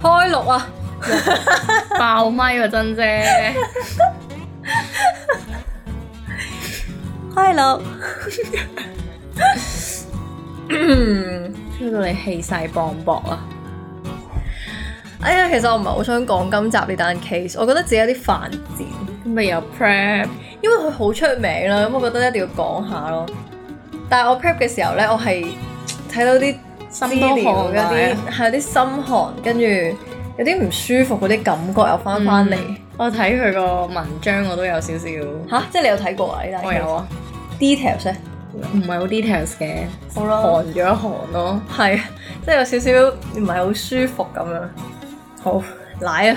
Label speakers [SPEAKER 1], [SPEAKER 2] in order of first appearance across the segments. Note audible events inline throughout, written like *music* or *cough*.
[SPEAKER 1] 開錄啊， *laughs* 爆咪啊，真姐！開錄，聽到你氣勢磅礴啊！
[SPEAKER 2] 哎呀，其實我唔係好想講今集呢單 case，我覺得自己有啲犯賤，咁咪有 prep，因為佢好出名啦，咁我覺得一定要講下咯。但係我 prep 嘅時候咧，我係睇到啲。心寒嗰啲，係有啲心寒，跟住有啲唔舒服嗰啲感覺又翻翻嚟。
[SPEAKER 1] 我睇佢個文章我點點，我都有少少吓，即係你有睇過啊？呢我、哎、些有啊。
[SPEAKER 2] details 唔係好 details 吧嘅，好寒咗一寒咯，係即係有少少唔係好舒服咁樣。好，來啊！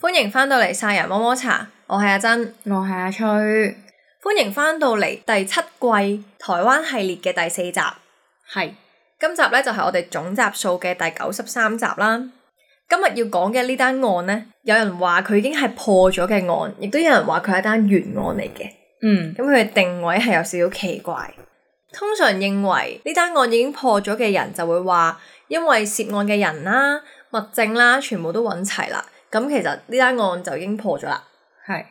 [SPEAKER 2] 歡迎翻到嚟《晒人摸摸茶》，我係阿珍，我係阿，阿翠。歡迎翻到嚟，第七季台灣系列嘅第四集，係是今集咧，就係、是、我哋總集數嘅第九十三集啦。今日要講嘅呢單案咧，有人話佢已經係破咗嘅案，亦都有人話佢係一單懸案嚟嘅。嗯，咁佢嘅定位係有少少奇怪。通常認為呢單案已經破咗嘅人就會話，因為涉案嘅人啦、物證啦，全部都揾齊啦，咁、嗯、其實呢單案就已經破咗啦。係。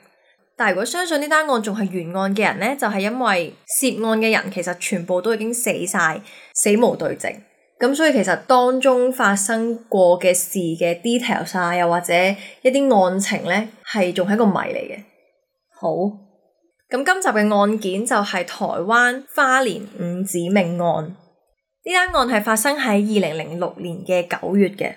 [SPEAKER 2] 但如果相信呢單案仲係原案嘅人呢，就係因為涉案嘅人其實全部都已經死晒，死無對證。咁所以其實當中發生過嘅事嘅 details 啊，又或者一啲案情呢，係仲係一個謎嚟嘅。好，咁今集嘅案件就係台灣花蓮五子命案。呢單案係發生喺二零零六年嘅九月嘅，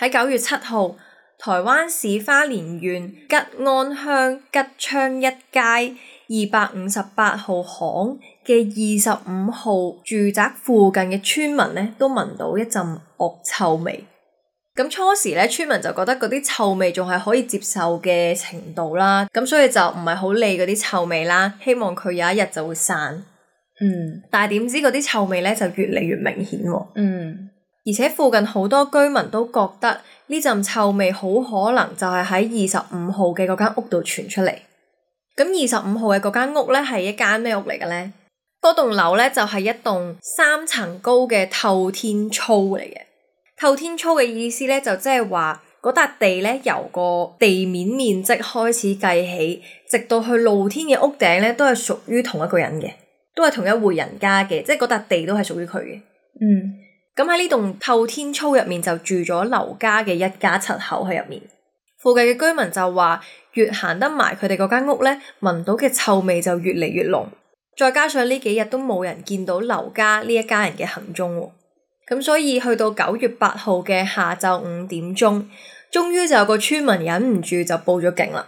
[SPEAKER 2] 喺九月七號。台灣市花蓮縣吉安鄉吉昌一街二百五十八號巷嘅二十五號住宅附近嘅村民咧，都聞到一陣惡臭味。咁初時咧，村民就覺得嗰啲臭味仲係可以接受嘅程度啦，咁所以就唔係好理嗰啲臭味啦。希望佢有一日就會散。嗯，但係點知嗰啲臭味咧就越嚟越明顯喎。嗯。而且附近好多居民都覺得呢陣臭味好可能就係喺二十五號嘅嗰間屋度傳出嚟。咁二十五號嘅嗰間屋咧係一間咩屋嚟嘅咧？嗰棟樓咧就係、是、一棟三層高嘅透天厝嚟嘅。透天厝嘅意思咧就即係話嗰笪地咧由個地面面積開始計起，直到去露天嘅屋頂咧都係屬於同一個人嘅，都係同一戶人家嘅，即係嗰笪地都係屬於佢嘅。嗯。咁喺呢棟透天厝入面就住咗劉家嘅一家七口喺入面。附近嘅居民就話越行得埋佢哋嗰間屋咧，聞到嘅臭味就越嚟越濃。再加上呢幾日都冇人見到劉家呢一家人嘅行蹤，咁所以去到九月八號嘅下晝五點鐘，終於就有個村民忍唔住就報咗警啦。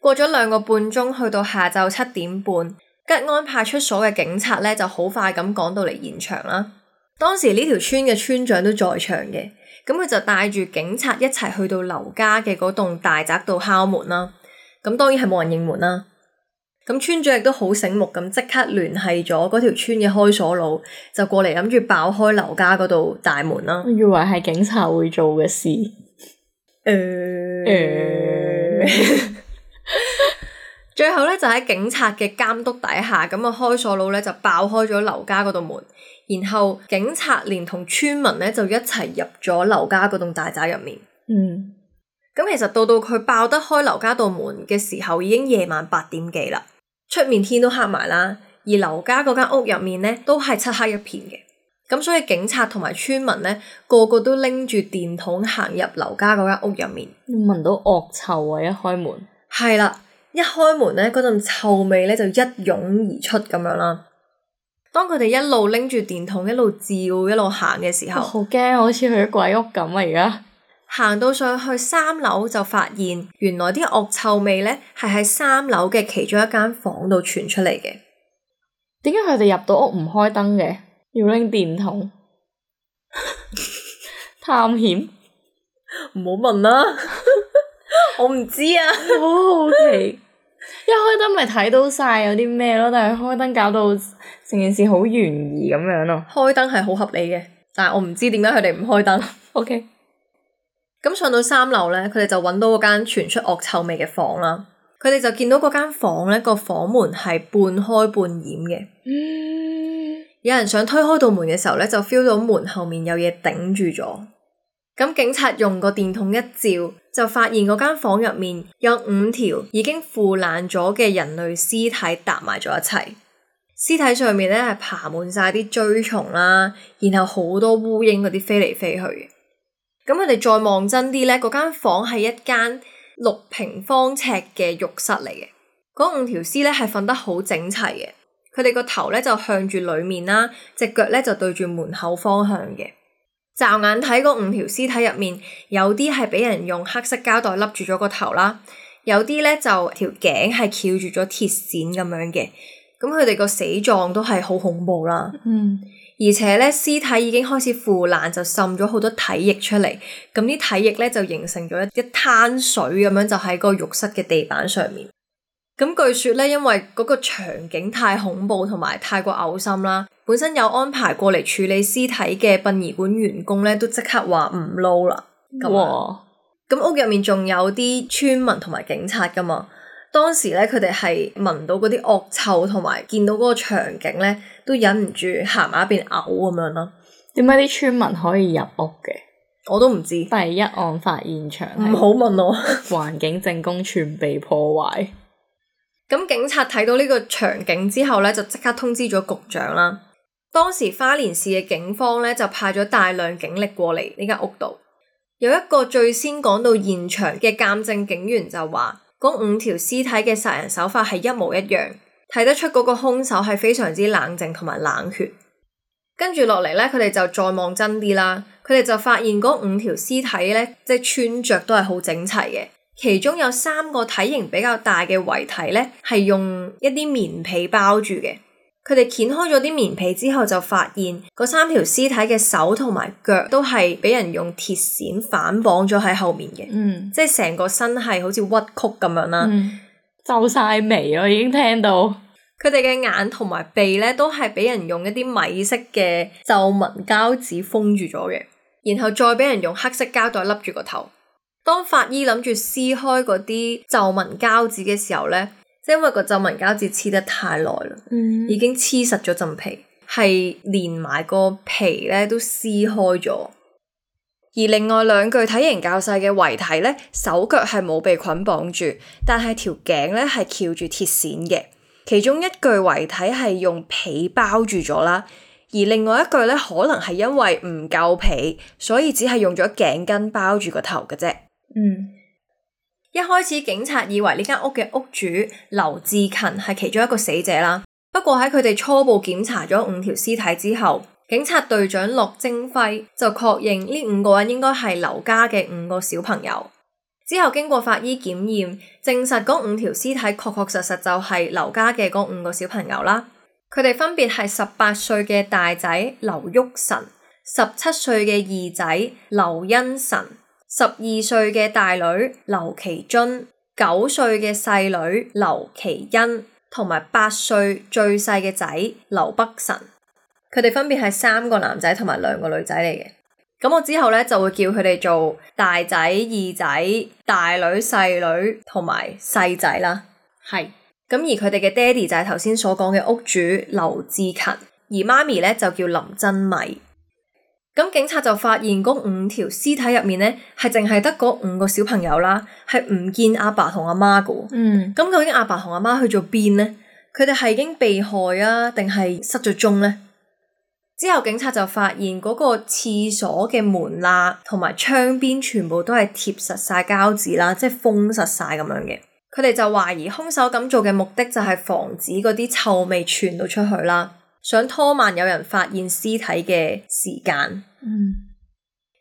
[SPEAKER 2] 過咗兩個半鐘，去到下晝七點半，吉安派出所嘅警察咧就好快咁趕到嚟現場啦。當時呢條村嘅村長都在場嘅，咁佢就帶住警察一齊去到劉家嘅嗰棟大宅度敲門啦。咁當然係冇人應門啦。咁村長亦都好醒目咁，即刻聯繫咗嗰條村嘅開鎖佬，就過嚟諗住爆開劉家
[SPEAKER 1] 嗰度大門啦。我以為係警察會做嘅事。誒，
[SPEAKER 3] *laughs*
[SPEAKER 2] *laughs* *laughs* 最後咧就喺警察嘅監督底下，咁、那、啊、個、開鎖佬咧就爆開咗劉家嗰度門。然後警察連同村民咧就一齊入咗劉家嗰棟大宅入面。嗯，咁其實到到佢爆得開劉家道門嘅時候，已經夜晚八點幾啦，出面天都黑埋啦，而劉家嗰間屋入面咧都係漆黑一片嘅，咁所以警察同埋村民咧個個都拎住電筒行入劉家嗰間屋入面。聞到惡臭啊！一開門係啦，一開門咧嗰陣臭味咧就一湧而出咁樣啦。當佢哋一路拎住電筒一路照一路行嘅時候，好驚，好似去咗鬼屋咁啊！而家行到上去三樓就發現，原來啲惡臭味咧係喺三樓嘅其中一間房度傳出嚟
[SPEAKER 1] 嘅。點解佢哋入到屋唔開燈嘅？要拎電筒 *laughs* 探險？唔好問啦。 *laughs* 我唔知啊，好好奇，一開燈咪睇到晒有啲咩咯，但係開燈搞到。成件事好懸疑咁樣咯，開燈係好合理嘅，
[SPEAKER 2] 但係我唔知點解佢哋唔開燈。OK，咁上到三樓咧，佢哋就揾到嗰間傳出惡臭味嘅房啦。佢哋就見到嗰間房咧，個房門係半開半掩嘅。 *noise* 有人想推開道門嘅時候咧，就 feel 到門後面有嘢頂住咗。咁警察用個電筒一照，就發現嗰間房入面有五條已經腐爛咗嘅人類屍體搭埋咗一齊。屍體上面咧係爬滿晒啲追蟲啦，然後好多烏蠅嗰啲飛嚟飛去嘅。咁佢哋再望真啲咧，嗰間房係一間六平方尺嘅浴室嚟嘅。嗰五條屍咧係瞓得好整齊嘅，佢哋個頭咧就向住裏面啦，隻腳咧就對住門口方向嘅。乍眼睇嗰五條屍體入面，有啲係俾人用黑色膠袋笠住咗個頭啦，有啲咧就條頸係翹住咗鐵線咁樣嘅。咁佢哋個死狀都係好恐怖啦，嗯，而且咧屍體已經開始腐爛，就滲咗好多體液出嚟，咁啲體液咧就形成咗一灘水咁樣，就喺個浴室嘅地板上面。咁據說咧，因為嗰個場景太恐怖同埋太過嘔心啦，本身有安排過嚟處理屍體嘅殯儀館員工咧，都即刻話唔撈啦。咁咁哇屋入面仲有啲村民同埋警察噶嘛？當時咧，佢哋係聞到嗰啲惡臭，同埋見到嗰個場景咧，都忍唔住行埋一邊嘔咁樣咯。點解啲
[SPEAKER 1] 村民可以入屋嘅？我都唔知。第一案發現場唔好問我。環 *laughs* 境證供全被破壞。咁警察睇到呢個場
[SPEAKER 2] 景之後咧，就即刻通知咗局長啦。當時花蓮市嘅警方咧，就派咗大量警力過嚟呢間屋度。有一個最先趕到現場嘅鑑證警員就話。嗰五條屍體嘅殺人手法係一模一樣，睇得出嗰個兇手係非常之冷靜同埋冷血。跟住落嚟咧，佢哋就再望真啲啦，佢哋就發現嗰五條屍體咧，即係穿着都係好整齊嘅，其中有三個體型比較大嘅遺體咧，係用一啲棉被包住嘅。佢哋掀開咗啲棉被之後，就發現嗰三條屍體嘅手同埋腳都係俾人用鐵線反綁咗喺後面嘅，嗯、即係成個身係好似屈曲咁樣啦、嗯，皺晒眉我已經聽到。佢哋嘅眼同埋鼻咧都係俾人用一啲米色嘅皺紋膠紙封住咗嘅，然後再俾人用黑色膠袋笠住個頭。當法醫諗住撕開嗰啲皺紋膠紙嘅時候咧。因為個皺紋膠紙黐得太耐啦，嗯、已經黐實咗層皮，係連埋個皮咧都撕開咗。而另外兩具體型較細嘅遺體咧，手腳係冇被捆綁住，但係條頸咧係翹住鐵線嘅。其中一具遺體係用皮包住咗啦，而另外一具咧可能係因為唔夠皮，所以只係用咗頸巾包住個頭嘅啫。嗯。一開始警察以為呢間屋嘅屋主劉志勤係其中一個死者啦。不過喺佢哋初步檢查咗五條屍體之後，警察隊長駱征輝就確認呢五個人應該係劉家嘅五個小朋友。之後經過法醫檢驗，證實嗰五條屍體確確實實就係劉家嘅嗰五個小朋友啦。佢哋分別係十八歲嘅大仔劉旭晨、十七歲嘅二仔劉恩晨。十二歲嘅大女劉其俊，九歲嘅細女劉其欣，同埋八歲最細嘅仔劉北辰，佢哋分別係三個男仔同埋兩個女仔嚟嘅。咁我之後咧就會叫佢哋做大仔、二仔、大女、細女同埋細仔啦。係咁是而佢哋嘅爹哋就係頭先所講嘅屋主劉志勤，而媽咪咧就叫林真米。咁警察就發現嗰五條屍體入面咧，係淨係得嗰五個小朋友啦，係唔見阿爸同阿媽噶。嗯，咁究竟阿爸同阿媽去咗邊咧？佢哋係已經被害啊，定係失咗蹤咧？之後警察就發現嗰個廁所嘅門罅，同埋窗邊全部都係貼實晒膠紙啦，即係封實晒咁樣嘅。佢哋就懷疑兇手咁做嘅目的就係防止嗰啲臭味傳到出去啦。想拖慢有人發現屍體嘅時間，嗯，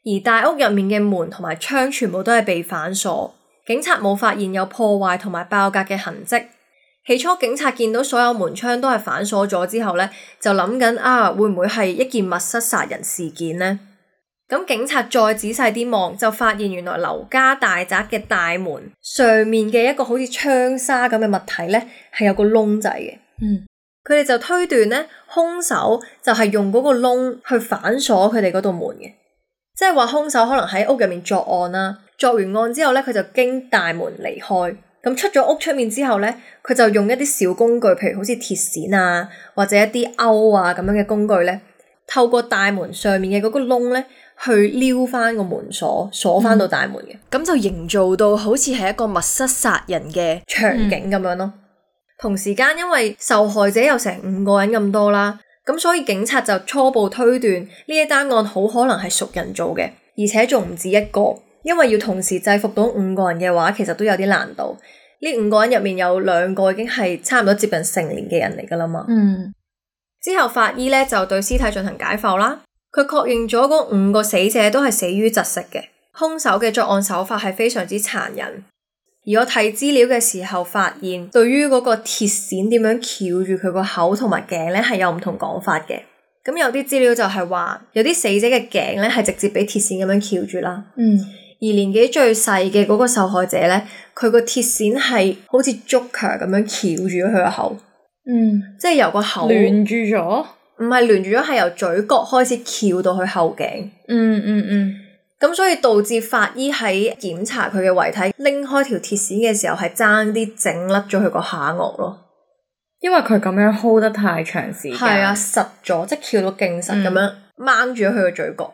[SPEAKER 2] 而大屋入面嘅門同埋窗全部都係被反鎖，警察冇發現有破壞同埋爆格嘅痕跡。起初警察見到所有門窗都係反鎖咗之後呢，就諗緊啊，會唔會係一件密室殺人事件呢？咁警察再仔細啲望，就發現原來劉家大宅嘅大門上面嘅一個好似窗紗咁嘅物體呢，係有個窿仔嘅，嗯。佢哋就推斷咧，凶手就係用嗰個窿去反鎖佢哋嗰度門嘅，即係話凶手可能喺屋入面作案啦，作完案之後咧，佢就經大門離開，咁出咗屋出面之後咧，佢就用一啲小工具，譬如好似鐵線啊，或者一啲勾啊咁樣嘅工具咧，透過大門上面嘅嗰個窿咧，去撩翻個門鎖，鎖翻到大門嘅，咁、嗯、就營造到好似係一個密室殺人嘅場景咁樣咯。嗯同時間，因為受害者有成五個人咁多啦，咁所以警察就初步推斷呢一單案好可能係熟人做嘅，而且仲唔止一個，因為要同時制服到五個人嘅話，其實都有啲難度。呢五個人入面有兩個已經係差唔多接近成年嘅人嚟噶啦嘛。嗯。之後法醫咧就對屍體進行解剖啦，佢確認咗嗰五個死者都係死於窒息嘅，凶手嘅作案手法係非常之殘忍。而我睇資料嘅時候發現，對於嗰個鐵線點樣撬住佢個口呢同埋頸咧，係有唔同講法嘅。咁有啲資料就係話，有啲死者嘅頸咧係直接俾鐵線咁樣撬住啦。嗯。而年紀最細嘅嗰個受害者咧，佢個鐵線係好似竹強咁樣撬住佢個口。嗯。即係由個口。連住咗。唔係連住咗，係由嘴角開始撬到佢後頸。
[SPEAKER 3] 嗯嗯嗯。嗯。
[SPEAKER 2] 咁所以導致法醫喺檢查佢嘅遺體，拎開條鐵線嘅時候，係爭啲整甩咗佢個下顎咯。
[SPEAKER 1] 因為佢咁
[SPEAKER 2] 樣 hold 得太長時間，係啊，實咗，即係翹到勁實咁樣掹住咗佢個嘴角。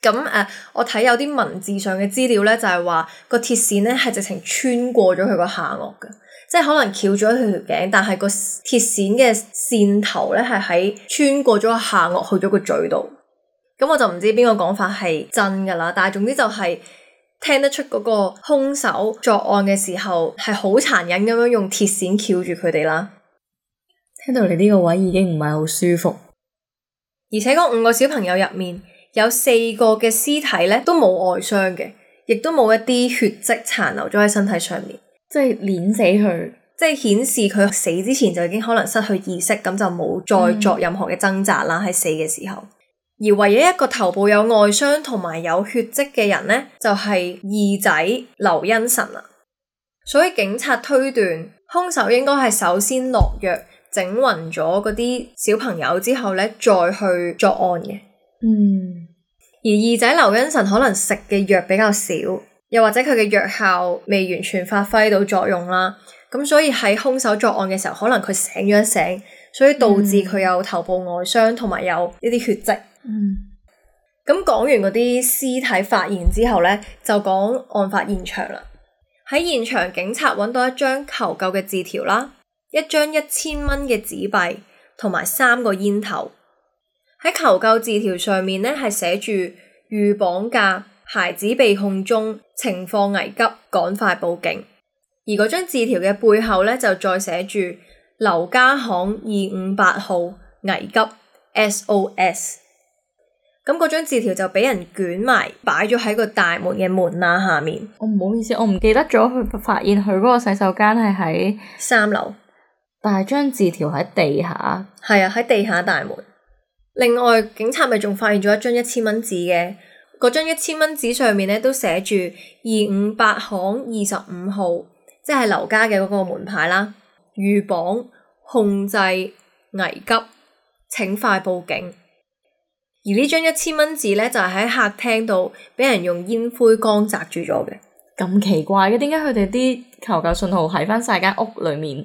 [SPEAKER 2] 咁誒、嗯呃，我睇有啲文字上嘅資料咧，就係、是、話、個鐵線咧係直情穿過咗佢個下顎嘅，即係可能翹咗佢條頸，但係個鐵線嘅線頭咧係喺穿過咗個下顎去咗個嘴度。咁、嗯、我就唔知邊個講法係真噶啦，但係總之就係聽得出嗰個兇手作案嘅時候係好殘忍咁樣用鐵線撬住佢哋啦。
[SPEAKER 1] 聽到你呢個位已經唔係好舒服，
[SPEAKER 2] 而且嗰五個小朋友入面有四個嘅屍體咧都冇外傷嘅，亦都冇一啲血跡殘留咗喺身體上面，即係碾死佢，即係顯示佢死之前就已經可能失去意識，咁就冇再作任何嘅掙扎啦，喺死嘅時候。而唯一一個頭部有外傷同埋有血跡嘅人呢，就係二仔劉恩臣啦。所以警察推斷，凶手應該係首先落藥整暈咗嗰啲小朋友之後呢，再去作案嘅。嗯，而二仔劉恩臣可能食嘅藥比較少，又或者佢嘅藥效未完全發揮到作用啦。咁所以喺凶手作案嘅時候，可能佢醒咗一醒，所以導致佢有頭部外傷同埋有呢啲血跡。嗯嗯，咁講完嗰啲屍體發現之後呢，就講案發現場啦。喺現場，警察揾到一張求救嘅字條啦，一張一千蚊嘅紙幣，同埋三個煙頭。喺求救字條上面呢，係寫住遇綁架，孩子被控中，情況危急，趕快報警。而嗰張字條嘅背後呢，就再寫住劉家巷二五八號，危急 SOS。咁嗰張字條就畀人捲埋，擺咗喺個大門嘅門罅下面。我唔、哦、好意思，我唔記得咗佢發現佢嗰個洗手間係喺三樓，但係張字條
[SPEAKER 1] 喺地下。
[SPEAKER 2] 係啊，喺地下大門。另外，警察咪仲發現咗一張一千蚊紙嘅，嗰張一千蚊紙上面咧都寫住二五八巷二十五號，即係劉家嘅嗰個門牌啦。預綁控制危急，請快報警。而張 1, 呢張一千
[SPEAKER 3] 蚊
[SPEAKER 1] 紙咧，就係、是、喺客廳度俾人用煙灰缸砸住咗嘅。咁奇怪嘅，點解佢哋啲求救信號喺翻晒間屋裏面？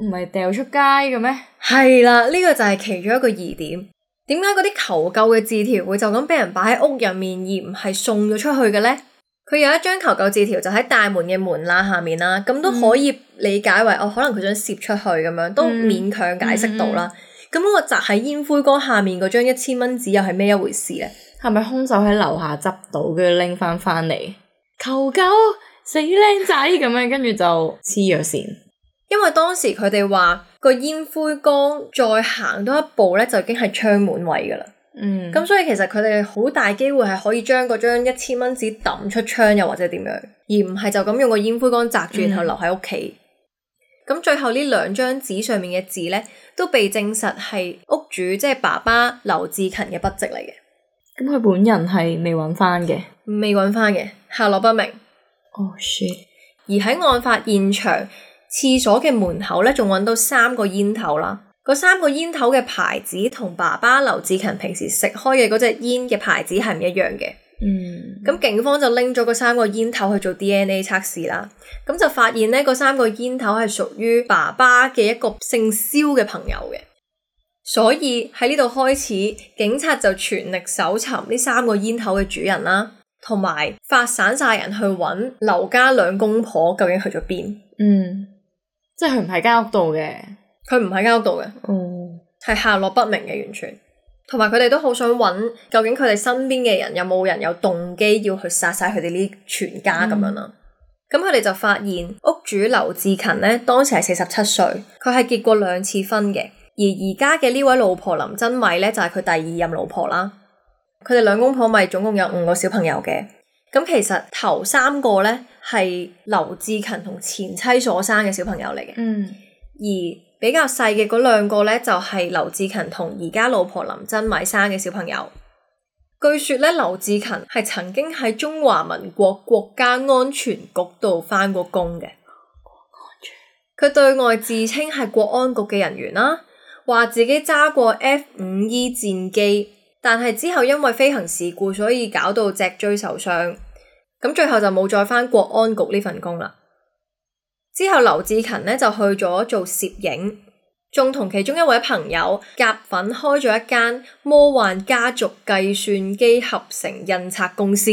[SPEAKER 1] 唔係掉出街
[SPEAKER 2] 嘅咩？係啦，呢、這個就係其中一個疑點。點解嗰啲求救嘅字條會就咁俾人擺喺屋入面，而唔係送咗出去嘅咧？佢有一張求救字條就喺大門嘅門罅下面啦，咁都可以理解為、嗯、哦，可能佢想攝出去咁樣，都勉強解釋到啦。嗯嗯咁我窒喺煙灰缸下面嗰張一千蚊紙又係咩一回事
[SPEAKER 1] 咧？係咪凶手喺樓下執到，跟住拎翻翻嚟？求救！死靚仔咁樣，跟住就黐咗線。因為當時佢哋話個
[SPEAKER 2] 煙灰缸再行多一步咧，就已經係窗門位噶啦。嗯，咁所以其實佢哋好大機會係可以將嗰張一千蚊紙抌出窗，又或者點樣，而唔係就咁用個煙灰缸窒住，嗯、然後留喺屋企。咁最後呢兩張紙上面嘅字咧，都被證實係屋主即係爸爸劉志勤嘅筆迹嚟嘅。
[SPEAKER 1] 咁佢本人係未揾翻嘅，未揾翻嘅，下落不明。哦 shit！
[SPEAKER 2] 而喺案發現場廁所嘅門口咧，仲揾到三個煙頭啦。嗰三個煙頭嘅牌子同爸爸劉志勤平時食開嘅嗰隻煙嘅牌子係唔一樣嘅。嗯，咁警方就拎咗嗰三個煙頭去做 DNA 測試啦，咁就發現呢嗰三個煙頭係屬於爸爸嘅一個姓蕭嘅朋友嘅，所以喺呢度開始，警察就全力搜尋呢三個煙頭嘅主人啦，同埋發散晒人去揾劉家兩公婆究竟去咗邊？嗯，即係佢唔喺間屋度嘅，佢唔喺間屋度嘅，哦、嗯，係下落不明嘅完全。同埋佢哋都好想揾，究竟佢哋身邊嘅人有冇人有動機要去殺晒佢哋呢啲全家咁、嗯、樣啦。咁佢哋就發現屋主劉志勤呢，當時係四十七歲，佢係結過兩次婚嘅，而而家嘅呢位老婆林真偉呢，就係、是、佢第二任老婆啦。佢哋兩公婆咪總共有五個小朋友嘅。咁其實頭三個呢，係劉志勤同前妻所生嘅小朋友嚟嘅。嗯，而。比較細嘅嗰兩個呢，就係劉志勤同而家老婆林珍米生嘅小朋友。據說呢，劉志勤係曾經喺中華民國國家安全局度返過工嘅。佢對外自稱係國安局嘅人員啦，話自己揸過 F 五 E 戰機，但係之後因為飛行事故，所以搞到脊椎受傷。咁最後就冇再返國安局呢份工啦。之後劉志勤呢就去咗做攝影，仲同其中一位朋友夾粉開咗一間魔幻家族計算機合成印刷公司。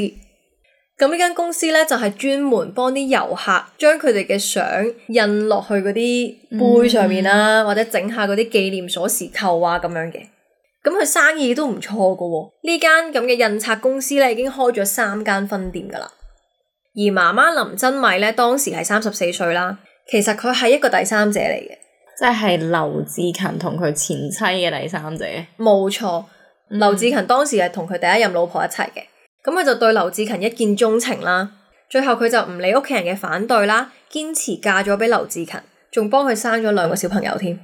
[SPEAKER 2] 咁呢間公司呢，就係、是、專門幫啲遊客將佢哋嘅相印落去嗰啲杯上面啦，嗯、或者整下嗰啲紀念鎖匙扣啊咁樣嘅。咁佢生意都唔錯噶，哦，呢間咁嘅印刷公司呢，已經開咗三間分店噶啦。而媽媽林珍米咧當時係三十四歲啦，其實佢係一個第三者嚟嘅，即係劉
[SPEAKER 1] 志勤同佢前
[SPEAKER 2] 妻嘅第三者。冇錯，劉志勤當時係同佢第一任老婆一齊嘅，咁佢就對劉志勤一見鍾情啦，最後佢就唔理屋企人嘅反對啦，堅持嫁咗俾劉志勤，仲幫佢生咗兩個小朋友添。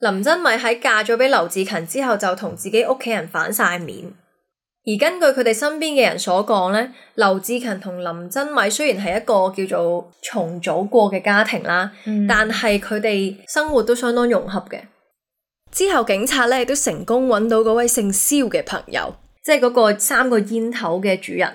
[SPEAKER 2] 林珍米喺嫁咗俾劉志勤之後，就同自己屋企人反晒面。而根據佢哋身邊嘅人所講呢，劉志勤同林真偉雖然係一個叫做重組過嘅家庭啦，嗯、但係佢哋生活都相當融合嘅。之後警察呢都成功揾到嗰位姓蕭嘅朋友，即係嗰個三個煙頭嘅主人。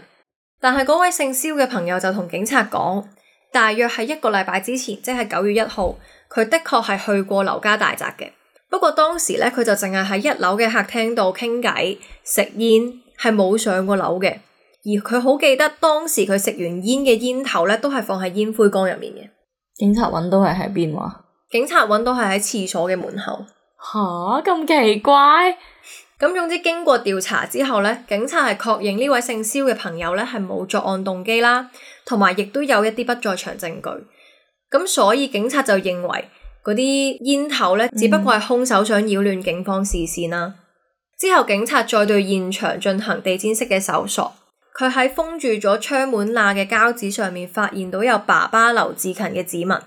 [SPEAKER 2] 但係嗰位姓蕭嘅朋友就同警察講，大約係一個禮拜之前，即係九月一號，佢的確係去過劉家大宅嘅。不過當時呢，佢就淨係喺一樓嘅客廳度傾偈食煙。係冇上過樓嘅，而佢好記得當時佢食完煙嘅煙頭咧，都係放喺煙灰缸入面嘅。
[SPEAKER 1] 警察揾到係喺邊話？
[SPEAKER 2] 警察揾到係喺廁所嘅門口。吓，咁奇怪？咁總之經過調查之後咧，警察係確認呢位姓蕭嘅朋友咧，係冇作案動機啦，同埋亦都有一啲不在場證據。咁所以警察就認為嗰啲煙頭咧，只不過係兇手想擾亂警方視線啦、啊。嗯之後，警察再對現場進行地毯式嘅搜索。佢喺封住咗窗門罅嘅膠紙上面發現到有爸爸劉志勤嘅指紋。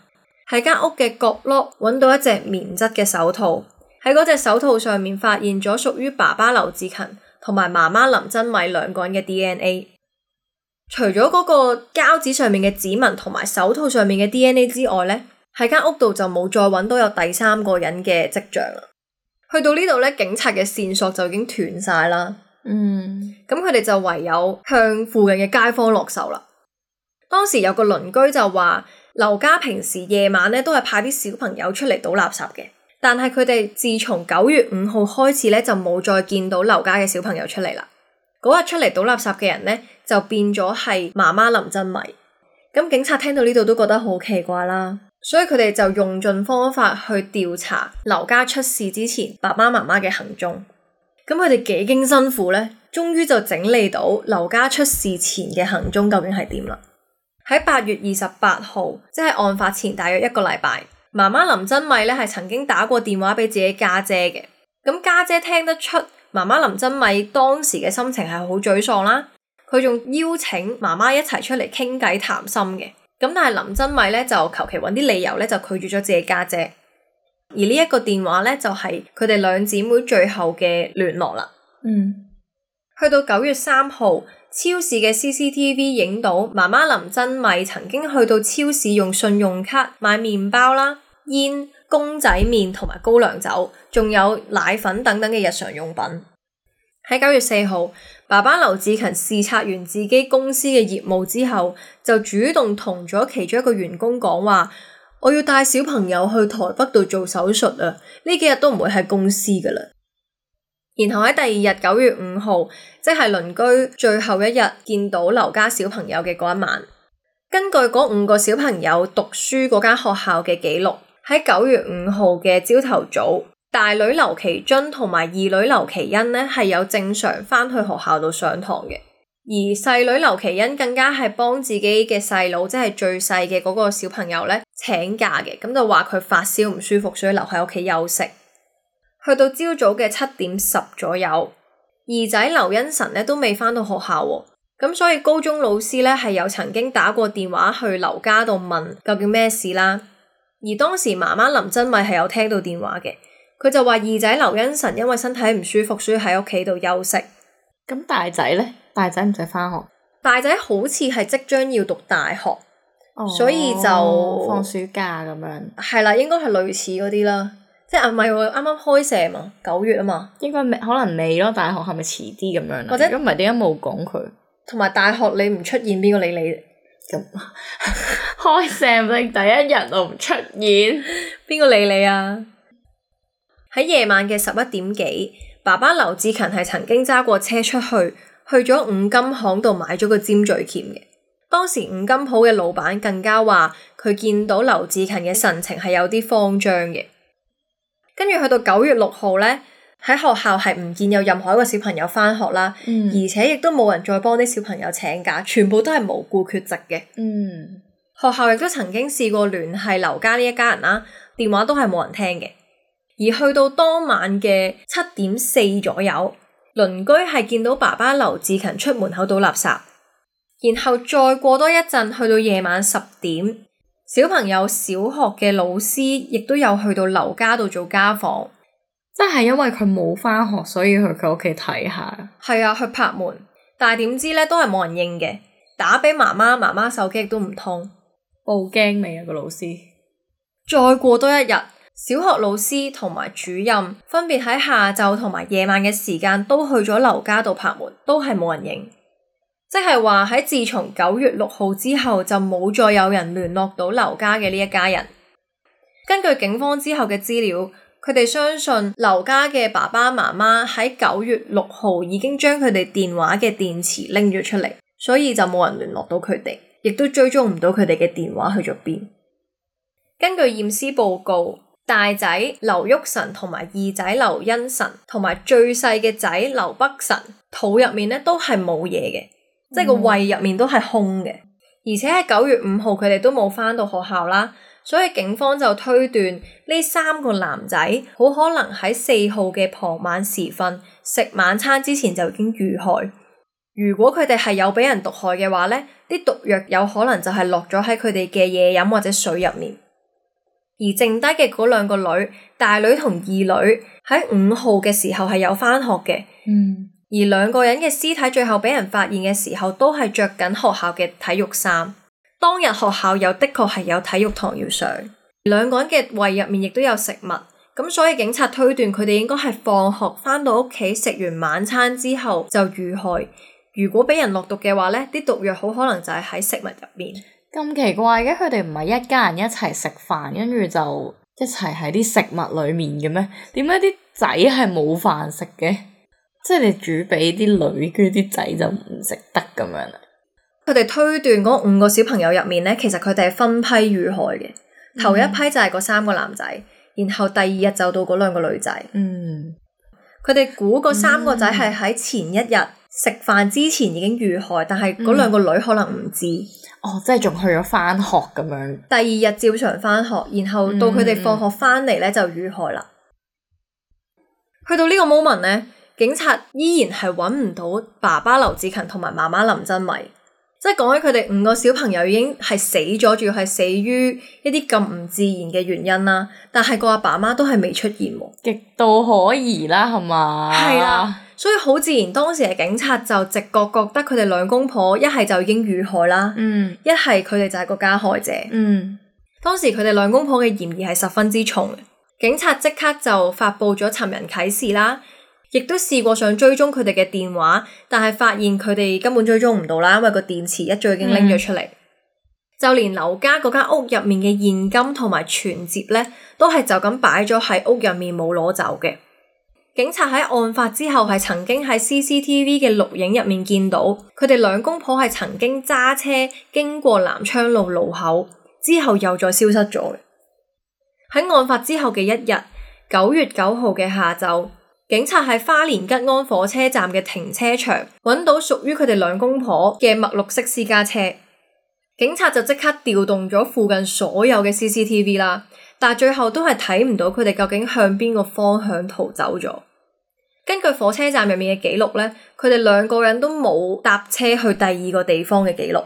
[SPEAKER 2] 喺間屋嘅角落揾到一隻棉質嘅手套。喺嗰隻手套上面發現咗屬於爸爸劉志勤同埋媽媽林真米兩個人嘅 DNA。除咗嗰個膠紙上面嘅指紋同埋手套上面嘅 DNA 之外呢，呢喺間屋度就冇再揾到有第三個人嘅跡象啦。去到呢度咧，警察嘅線索就已經斷晒啦。嗯，咁佢哋就唯有向附近嘅街坊落手啦。當時有個鄰居就話，劉家平時夜晚咧都係派啲小朋友出嚟倒垃圾嘅，但係佢哋自從九月五號開始咧就冇再見到劉家嘅小朋友出嚟啦。嗰日出嚟倒垃圾嘅人咧就變咗係媽媽林珍美。咁警察聽到呢度都覺得好奇怪啦。所以佢哋就用盡方法去調查劉家出事之前爸爸媽媽嘅行蹤。咁佢哋幾經辛苦咧，終於就整理到劉家出事前嘅行蹤究竟係點啦。喺八月二十八號，即係案發前大約一個禮拜，媽媽林珍米咧係曾經打過電話俾自己家姐嘅。咁家姐聽得出媽媽林珍米當時嘅心情係好沮喪啦，佢仲邀請媽媽一齊出嚟傾偈談心嘅。咁但係林真米呢，就求其揾啲理由呢，就拒絕咗自己家姐，姐，而呢一個電話呢，就係佢哋兩姊妹最後嘅聯絡啦。嗯，去到九月三號，超市嘅 CCTV 影到媽媽林真米曾經去到超市用信用卡買麵包啦、煙、公仔麵同埋高粱酒，仲有奶粉等等嘅日常用品。喺九月四號。爸爸劉志勤視察完自己公司嘅業務之後，就主動同咗其中一個員工講話：「我要帶小朋友去台北度做手術啊！呢幾日都唔會喺公司㗎喇。然後喺第二日九月五號，即係鄰居最後一日見到劉家小朋友嘅嗰一晚，根據嗰五個小朋友讀書嗰間學校嘅記錄，喺九月五號嘅朝頭早。大女劉其津同埋二女劉其欣呢係有正常翻去學校度上堂嘅；而細女劉其欣更加係幫自己嘅細佬，即係最細嘅嗰個小朋友呢，請假嘅，咁就話佢發燒唔舒服，所以留喺屋企休息。去到朝早嘅七點十左右，二仔劉欣辰呢都未翻到學校啊，咁所以高中老師呢係有曾經打過電話去劉家度問究竟咩事啦。而當時媽媽林真美係有聽到電話嘅。佢就話二仔劉恩辰因為身體唔舒服，所以喺屋企度休息。咁大仔咧？大仔唔使翻學？大仔好似係即將要讀大學，oh, 所以就放暑假咁樣。係啦，應該係類似嗰啲啦，即係唔係？啱、啊、啱開成嘛？九月啊嘛？應該可能未咯。大學係咪遲啲咁樣？或者如果唔
[SPEAKER 1] 係點解冇講佢？同埋大學你唔出現，邊個理你？咁 *laughs* 開成第一日我唔出現，邊個理， *laughs* 理你啊？
[SPEAKER 2] 喺夜晚嘅十一點幾，爸爸劉志勤係曾經揸過車出去，去咗五金行度買咗個尖嘴鉗嘅。當時五金鋪嘅老闆更加話，佢見到劉志勤嘅神情係有啲慌張嘅。跟住去到九月六號咧，喺學校係唔見有任何一個小朋友翻學啦，嗯、而且亦都冇人再幫啲小朋友請假，全部都係無故缺席嘅。嗯，學校亦都曾經試過聯繫劉家呢一家人啦，電話都係冇人聽嘅。而去到當晚嘅七點四左右，鄰居係見到爸爸劉志勤出門口倒垃圾，然後再過多一陣，去到夜晚十點，小朋友小學嘅老師亦都有去到劉家度做家訪，
[SPEAKER 1] 即係因為佢冇返學，所以去佢屋企睇下。
[SPEAKER 2] 係啊，去拍門，但係點知咧都係冇人應嘅，打畀媽媽，媽媽手機亦都唔通，報警未啊個老師！再過多一日。小學老師同埋主任分別喺下晝同埋夜晚嘅時間都去咗劉家度拍門，都係冇人應，即係話喺自從九月六號之後就冇再有人聯絡到劉家嘅呢一家人。根據警方之後嘅資料，佢哋相信劉家嘅爸爸媽媽喺九月六號已經將佢哋電話嘅電池拎咗出嚟，所以就冇人聯絡到佢哋，亦都追蹤唔到佢哋嘅電話去咗邊。根據驗屍報告。大仔劉旭晨同埋二仔劉恩晨同埋最細嘅仔劉北晨肚入面咧都係冇嘢嘅，嗯、
[SPEAKER 3] 即係個胃
[SPEAKER 2] 入面都係空嘅。而且喺九月五號佢哋都冇翻到學校啦，所以警方就推斷呢三個男仔好可能喺四號嘅傍晚時分食晚餐之前就已經遇害。如果佢哋係有俾人毒害嘅話咧，啲毒藥有可能就係落咗喺佢哋嘅嘢飲或者水入面。而剩低嘅嗰兩個女，大女同二女喺五號嘅時候係有翻學嘅。嗯。而兩個人嘅屍體最後俾人發現嘅時候，都係着緊學校嘅體育衫。當日學校又的確係有體育堂要上，兩個人嘅胃入面亦都有食物。咁所以警察推斷佢哋應該係放學翻到屋企食完晚餐之後就遇害。如果俾人落毒嘅話呢，啲毒藥好可能就係喺食物入面。
[SPEAKER 1] 咁奇怪嘅，佢哋唔係一家人一齊食飯，跟住就一齊喺啲食物裏面嘅咩？點解啲仔係冇飯食嘅？即係你煮俾啲女，佢啲仔就唔食得咁樣啦。
[SPEAKER 2] 佢哋推斷嗰五個小朋友入面咧，其實佢哋係分批遇害嘅。
[SPEAKER 3] 頭一批
[SPEAKER 2] 就係嗰三個男仔，嗯，然後第二日就到嗰兩個女仔。嗯，佢哋估嗰三個仔係喺前一日。食飯之前已經遇害，但係嗰兩個女可能唔知，嗯。哦，即係仲去咗翻學咁樣。第二日照常翻學，然後到佢哋放學翻嚟咧就遇害啦。去到呢個 moment 呢，警察依然係揾唔到爸爸劉志勤同埋媽媽林珍偉。即係講起佢哋五個小朋友已經係死咗，仲要係死於一啲咁唔自然嘅原因啦。但係個阿爸媽都係未出現喎，極度可疑啦，係嘛？係啦，啊。所以好自然，當時嘅警察就直覺覺得佢哋兩公婆一係就已經遇害啦，一係佢哋就係個加害者。Mm. 當時佢哋兩公婆嘅嫌疑係十分之重嘅，警察即刻就發佈咗尋人啟事啦，亦都試過想追蹤佢哋嘅電話，但係發現佢哋根本追蹤唔到啦，因為個電池一早已經拎咗出嚟，mm. 就連劉家嗰間屋入面嘅現金同埋存摺咧，都係就咁擺咗喺屋入面冇攞走嘅。警察喺案發之後係曾經喺 CCTV 嘅錄影入面見到佢哋兩公婆係曾經揸車經過南昌路路口，之後又再消失咗嘅。喺案發之後嘅一日，九月九號嘅下晝，警察喺花蓮吉安火車站嘅停車場揾到屬於佢哋兩公婆嘅墨綠色私家車，警察就即刻調動咗附近所有嘅 CCTV 啦。但最後都係睇唔到佢哋究竟向邊個方向逃走咗。根據火車站入面嘅記錄呢，佢哋兩個人都冇搭車去第二個地方嘅記錄。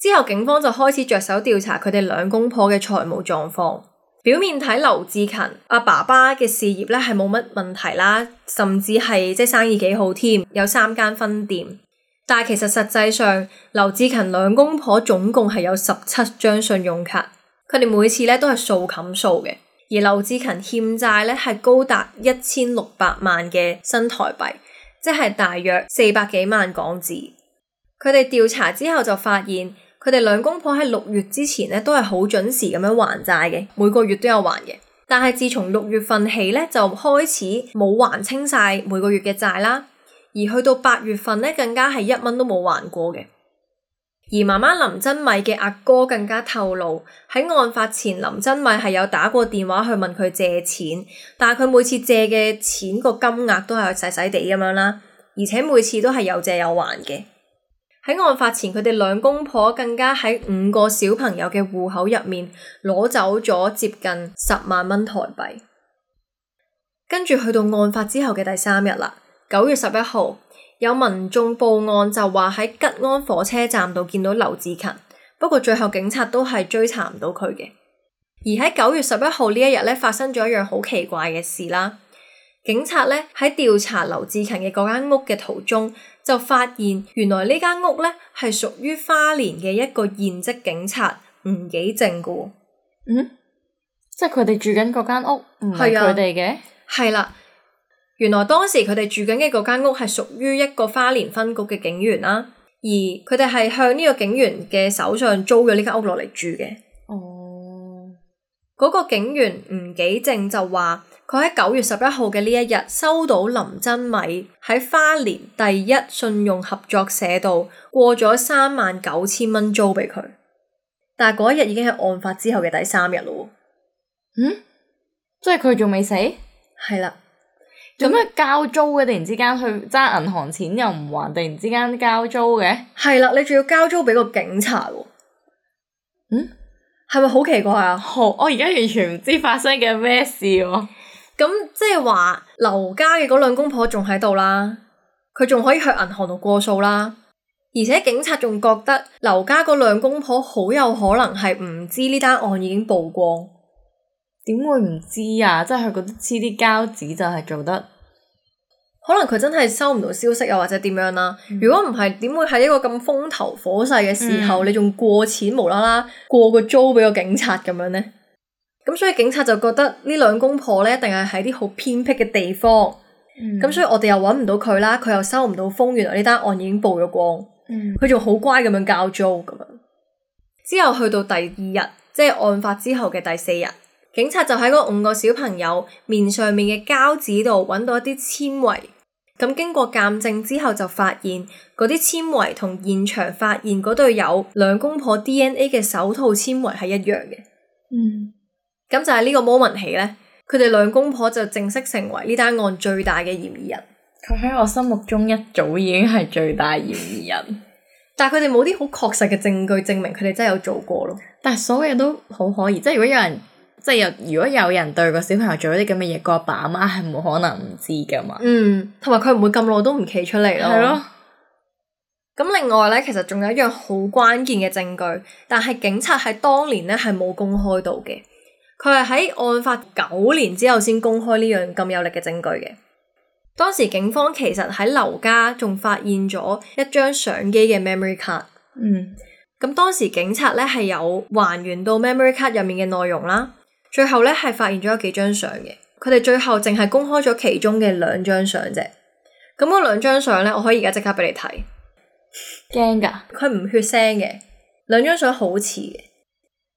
[SPEAKER 2] 之後警方就開始着手調查佢哋兩公婆嘅財務狀況。表面睇，劉志勤阿、啊、爸爸嘅事業呢係冇乜問題啦，甚至係即係生意幾好添，有三間分店。但係其實實際上劉志勤兩公婆總共係有十七張信用卡。佢哋每次咧都係數冚數嘅，而劉志勤欠債咧係高達一千六百萬嘅新台幣，即係大約四百幾萬港紙。佢哋調查之後就發現，佢哋兩公婆喺六月之前咧都係好準時咁樣還債嘅，每個月都有還嘅。但係自從六月份起咧就開始冇還清晒每個月嘅債啦，而去到八月份咧更加係一蚊都冇還過嘅。而媽媽林真米嘅阿哥更加透露，喺案發前林真米係有打過電話去問佢借錢，但係佢每次借嘅錢個金額都係細細地咁樣啦，而且每次都係有借有還嘅。喺案發前，佢哋兩公婆更加喺五個小朋友嘅戶口入面攞走咗接近十萬蚊台幣，跟住去到案發之後嘅第三日啦，九月十一號。有民眾報案就話喺吉安火車站度見到劉志勤，不過最後警察都係追查唔到佢嘅。而喺九月十一號呢一日呢，發生咗一樣好奇怪嘅事啦。警察呢，喺調查劉志勤嘅嗰間屋嘅途中，就發現原來呢間屋呢係屬於花蓮嘅一個現職警察吳紀正嘅。
[SPEAKER 1] 嗯，即係佢哋住緊嗰間屋唔
[SPEAKER 3] 係佢哋
[SPEAKER 2] 嘅，係啦。原來當時佢哋住緊嘅嗰間屋係屬於一個花蓮分局嘅警員啦、啊，而佢哋係向呢個警員嘅手上租咗呢間屋落嚟住嘅。哦，嗰個警員吳紀正就話佢喺九月十一號嘅呢一日收到林真米喺花蓮第一信用合作社度過咗三萬九千蚊租畀佢，但係
[SPEAKER 1] 嗰一日已經係案發之後嘅第三日咯。嗯，即係佢仲未死？係啦。咁樣交租嘅，突然之間去揸銀行錢又唔還，突然之間交租嘅？係啦，你仲要交租畀個警察喎？嗯，
[SPEAKER 2] 係咪好奇怪啊？
[SPEAKER 1] 我而家完全唔知發生嘅咩事喎、啊？
[SPEAKER 2] 咁即係話，劉家嘅嗰兩公婆仲喺度啦，佢仲可以去銀行度過數啦。而且警察仲覺得劉家嗰兩公婆好有可能係唔知呢單案已經曝光。點會唔知啊？即係佢覺得黐啲膠紙就係做得。可能佢真係收唔到消息又或者點樣啦？如果唔係，點會喺一個咁風頭火勢嘅時候，嗯、你仲過錢無啦啦過個租畀個警察咁樣呢？咁所以警察就覺得兩呢兩公婆咧，一定係喺啲好偏僻嘅地方。咁、嗯、所以我哋又揾唔到佢啦，佢又收唔到風。原來呢單案已經曝咗光，佢仲好乖咁樣交租咁樣。之後去到第二日，即係案發之後嘅第四日，警察就喺嗰五個小朋友面上面嘅膠紙度揾到一啲纖維。咁經過鑑證之後，就發現嗰啲纖維同現場發現嗰對有兩公婆 DNA 嘅手套纖維係一樣嘅。嗯，咁就係呢個 moment 起呢佢哋兩公婆就正式成為呢單案最大嘅嫌疑人。
[SPEAKER 1] 佢喺我心目中一早已經係最
[SPEAKER 2] 大嫌疑人， *laughs* 但係佢哋冇啲好確實嘅證據證明佢哋真係有做過咯。但係所
[SPEAKER 1] 有都好可疑，即係如果有人。即係如果有人對小、個小朋友做啲咁嘅嘢，個阿爸阿媽係冇可能唔知噶嘛？嗯，同埋佢唔會咁耐都唔企出嚟咯。係咯了。
[SPEAKER 2] 咁另外咧，其實仲有一樣好關鍵嘅證據，但係警察喺當年咧係冇公開到嘅，佢係喺案發九年之後先公開呢樣咁有力嘅證據嘅。當時警方其實喺劉家仲發現咗一張相機嘅 memory card。嗯。咁當時警察咧係有還原到 memory Card 入面嘅內容啦。最後咧係發現咗有幾張相嘅，佢哋最後淨係公開咗其中嘅兩張相啫。咁嗰兩張相咧，我可以而家即刻俾你睇。驚噶，佢唔血腥嘅。兩張相好似嘅。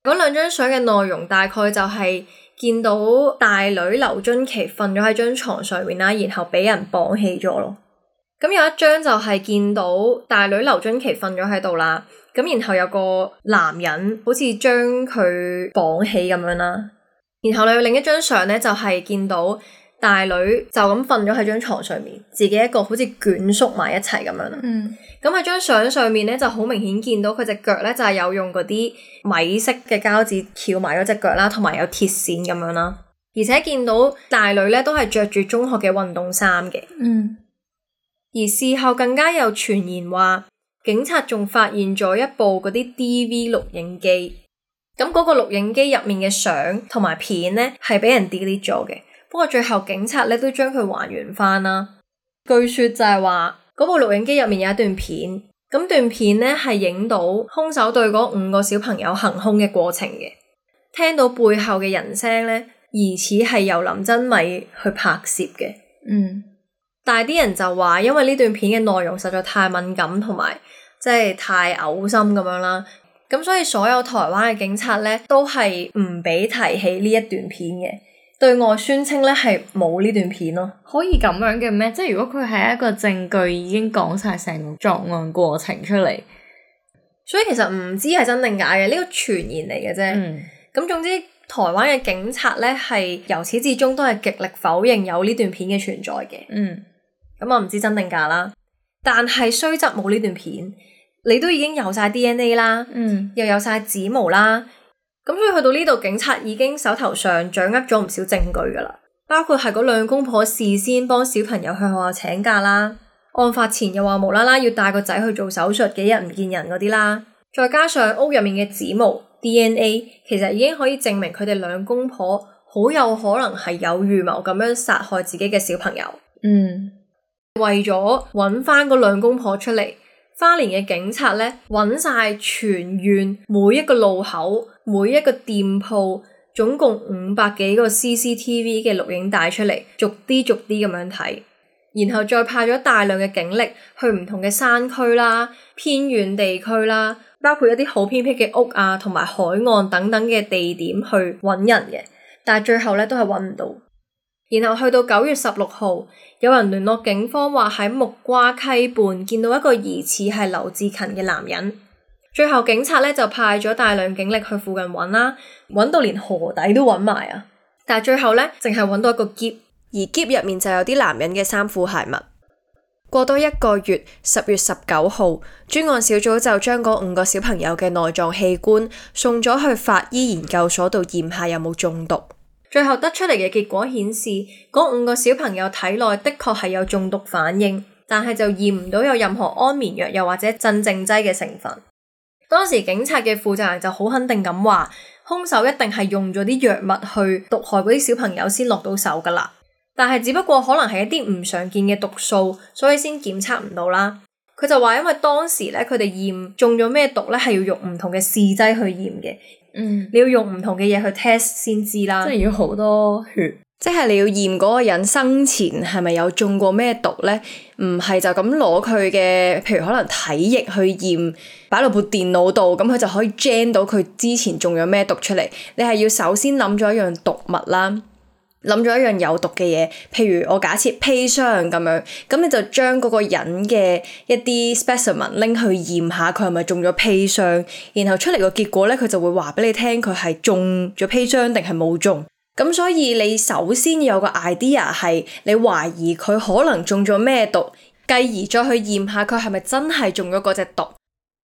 [SPEAKER 2] 嗰兩張相嘅內容大概就係見到大女劉津琪瞓咗喺張床上面啦，然後俾人綁起咗咯。咁有一張就係見到大女劉津琪瞓咗喺度啦，咁然後有個男人好似將佢綁起咁樣啦。然後你另一張相，咧就係見到大女就咁瞓咗喺張床上面，自己一個好似捲縮埋一齊咁樣啦。
[SPEAKER 3] 嗯，
[SPEAKER 2] 咁喺張相上面咧就好明顯見到佢隻腳咧就係有用嗰啲米色嘅膠紙翹埋咗隻腳啦，同埋有鐵線咁樣啦。而且見到大女咧都係着住中學嘅運動衫嘅。嗯，而事後更加有傳言話，警察仲發現咗一部嗰啲 DV 錄影機。咁嗰個錄影機入面嘅相同埋片呢，係俾人 delete 咗嘅，不過最後警察呢，都將佢還原翻啦。據說就係話嗰部錄影機入面有一段片，咁段片呢係影到兇手對嗰五個小朋友行兇嘅過程嘅，聽到背後嘅人聲呢，疑似係由林真美去拍攝嘅。嗯，但係啲人就話因為呢段片嘅內容實在太敏感同埋即係太嘔心咁樣啦。咁所以所有台灣嘅警察咧，都係唔俾提起呢一段片嘅，對外宣稱咧係
[SPEAKER 1] 冇呢段片咯。可以咁樣嘅咩？即係如果佢係一個證據，已經講晒成個作案過程出嚟，所以其實唔知係真定假嘅，呢個傳
[SPEAKER 2] 言嚟嘅啫。咁、嗯、總之，台灣嘅警察咧係由始至終都係極力否認有呢段片嘅存在嘅。
[SPEAKER 3] 嗯，
[SPEAKER 2] 咁我唔知真定假啦，但係雖則冇呢段片。你都已經有晒 DNA 啦，嗯、又有晒指模啦，咁所以去到呢度，警察已經手頭上掌握咗唔少證據噶啦，包括係嗰兩公婆事先幫小朋友去學校請假啦，案發前又話無啦啦要帶個仔去做手術，幾日唔見人嗰啲啦，再加上屋入面嘅指模 DNA，其實已經可以證明佢哋兩公婆好有可能係有預謀咁樣殺害自己嘅小朋友，嗯，為咗揾翻嗰兩公婆出嚟。花蓮嘅警察咧，揾晒全縣每一個路口、每一個店鋪，總共五百幾個 CCTV 嘅錄影帶出嚟，逐啲逐啲咁樣睇，然後再派咗大量嘅警力去唔同嘅山區啦、偏遠地區啦，包括一啲好偏僻嘅屋啊，同埋海岸等等嘅地點去揾人嘅，但係最後咧都係揾唔到。然後去到九月十六號，有人聯絡警方話喺木瓜溪畔見到一個疑似係劉志勤嘅男人。最後警察呢就派咗大量警力去附近揾啦，揾到連河底都揾埋啊！但係最後呢，淨係揾到一個篋，而篋入面就有啲男人嘅衫褲鞋襪。過多一個月，十月十九號，專案小組就將嗰五個小朋友嘅內臟器官送咗去法醫研究所度驗下有冇中毒。最後得出嚟嘅結果顯示，嗰五個小朋友體內的確係有中毒反應，但係就驗唔到有任何安眠藥又或者鎮靜劑嘅成分。當時警察嘅負責人就好肯定咁話，凶手一定係用咗啲藥物去毒害嗰啲小朋友先落到手噶啦。但係只不過可能係一啲唔常見嘅毒素，所以先檢測唔到啦。佢就話因為當時咧，佢哋驗中咗咩毒咧，係要用唔同嘅試劑去驗嘅。嗯，你要用唔同嘅嘢去 test 先知啦，即係要好多血，即係你要驗嗰個人生前係咪有中過咩毒咧？唔係就咁攞佢嘅，譬如可能體液去驗，擺落部電腦度，咁佢就可以 gen 到佢之前中咗咩毒出嚟。你係要首先諗咗一樣毒物啦。諗咗一樣有毒嘅嘢，譬如我假設砒霜咁樣，咁你就將嗰個人嘅一啲 specimen 拎去驗下佢係咪中咗砒霜，然後出嚟個結果呢，佢就會話俾你聽佢係中咗砒霜定係冇中。咁所以你首先有個 idea 係你懷疑佢可能中咗咩毒，繼而再去驗下佢係咪真係中咗嗰隻毒。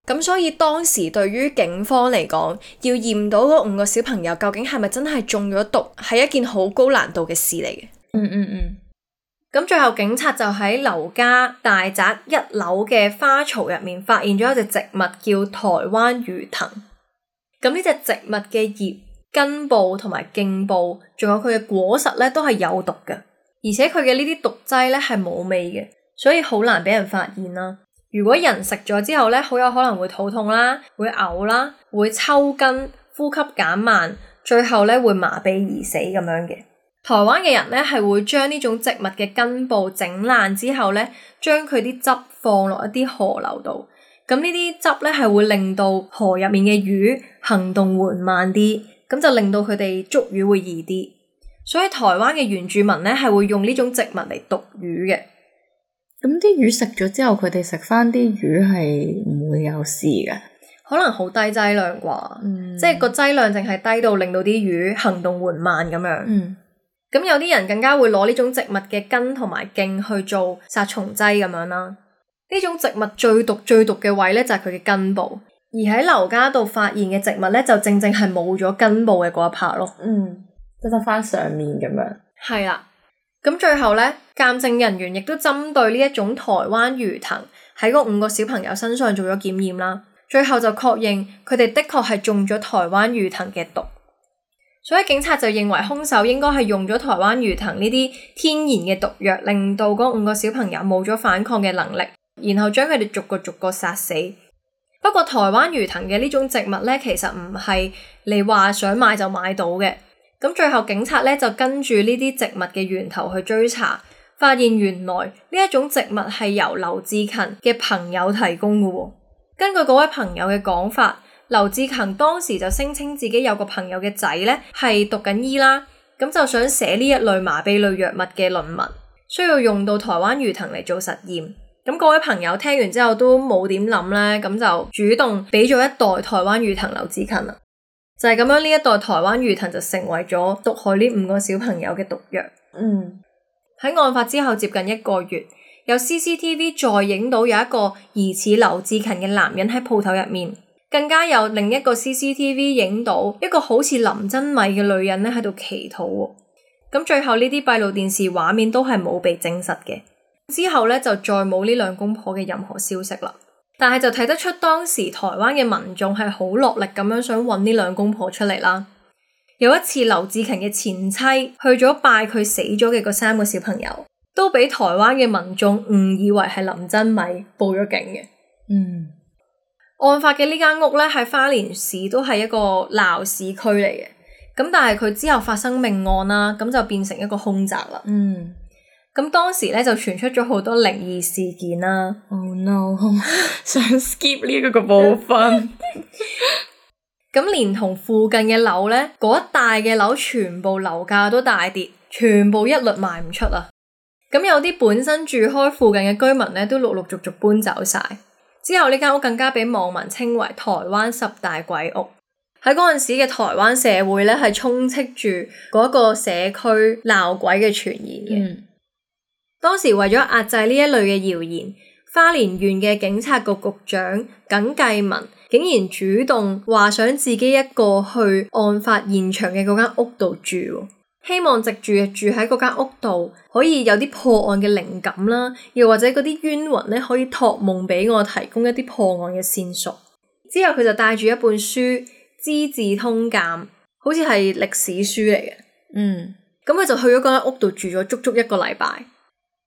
[SPEAKER 2] 咁所以當時對於警方嚟講，要驗到嗰五個小朋友究竟係咪真係中咗毒，係一件好高難度嘅事嚟嘅。嗯。嗯嗯嗯。咁最後警察就喺劉家大宅一樓嘅花槽入面，發現咗一隻植物叫台灣魚藤。咁呢隻植物嘅葉、根部同埋莖部，仲有佢嘅果實咧，都係有毒嘅。而且佢嘅呢啲毒劑咧係冇味嘅，所以好難俾人發現啦。如果人食咗之後咧，好有可能會肚痛啦，會嘔啦，會抽筋、呼吸減慢，最後咧會麻痹而死咁樣嘅。台灣嘅人咧係會將呢種植物嘅根部整爛之後咧，將佢啲汁放落一啲河流度。咁呢啲汁咧係會令到河入面嘅魚行動緩慢啲，咁就令到佢哋捉魚會易啲。所以台灣嘅原住民咧係會用呢種植物嚟毒魚嘅。
[SPEAKER 1] 咁啲魚食咗之後，佢哋食翻啲魚係唔會有事噶？
[SPEAKER 2] 可能好低劑量啩，嗯、即係個劑量淨係低到令到啲魚行動緩慢咁樣。咁、嗯、有啲人更加會攞呢種植物嘅根同埋莖去做殺蟲劑咁樣啦。呢種植物最毒最毒嘅位咧就係佢嘅根部，而喺劉家度發現嘅植物咧就正正係冇咗根部嘅嗰一 part 咯。嗯，就得、是、翻上面咁樣。係啦。咁最後咧，鑑證人員亦都針對呢一種台灣魚藤喺嗰五個小朋友身上做咗檢驗啦，最後就確認佢哋的確係中咗台灣魚藤嘅毒，所以警察就認為兇手應該係用咗台灣魚藤呢啲天然嘅毒藥，令到嗰五個小朋友冇咗反抗嘅能力，然後將佢哋逐個逐個殺死。不過台灣魚藤嘅呢種植物咧，其實唔係你話想買就買到嘅。咁最後警察咧就跟住呢啲植物嘅源頭去追查，發現原來呢一種植物係由劉志勤嘅朋友提供嘅。哦、根據嗰位朋友嘅講法，劉志勤當時就聲稱自己有個朋友嘅仔咧係讀緊醫啦，咁就想寫呢一類麻痹類藥物嘅論文，需要用到台灣魚藤嚟做實驗。咁各位朋友聽完之後都冇點諗咧，咁就主動俾咗一袋台灣魚藤劉志勤啦。就係咁樣，呢一代台灣魚藤就成為咗毒害呢五個小朋友嘅毒藥。嗯，喺案發之後接近一個月，有 CCTV 再影到有一個疑似劉志勤嘅男人喺鋪頭入面，更加有另一個 CCTV 影到一個好似林真米嘅女人咧喺度祈禱。咁最後呢啲閉路電視畫面都係冇被證實嘅。之後呢，就再冇呢兩公婆嘅任何消息啦。但係就睇得出當時台灣嘅民眾係好落力咁樣想揾呢兩公婆出嚟啦。有一次，劉志勤嘅前妻去咗拜佢死咗嘅嗰三個小朋友，都俾台灣嘅民眾誤以為係林真米，報咗警嘅。嗯，案發嘅呢間屋咧喺花蓮市都係一個鬧市區嚟嘅，咁但係佢之後發生命案啦，咁就變成一個兇宅啦。嗯。咁當時咧就傳出咗好多靈異事件啦、啊。Oh no！
[SPEAKER 1] *laughs* 想 skip 呢一個部
[SPEAKER 2] 分。咁 *laughs* *laughs* 連同附近嘅樓咧，嗰一帶嘅樓全部樓價都大跌，全部一律賣唔出啊！咁有啲本身住開附近嘅居民咧，都陸陸續續搬走晒。之後呢間屋更加俾網民稱為台灣十大鬼屋。喺嗰陣時嘅台灣社會咧，係充斥住嗰個社區鬧鬼嘅傳言嘅。Mm. 當時為咗壓制呢一類嘅謠言，花蓮縣嘅警察局局長耿繼文竟然主動話想自己一個去案發現場嘅嗰間屋度住，希望藉住住喺嗰間屋度可以有啲破案嘅靈感啦，又或者嗰啲冤魂咧可以託夢俾我，提供一啲破案嘅線索。之後佢就帶住一本書《資治通鑑》，好似係歷史書嚟嘅。嗯，咁佢就去咗嗰間屋度住咗足足一個禮拜。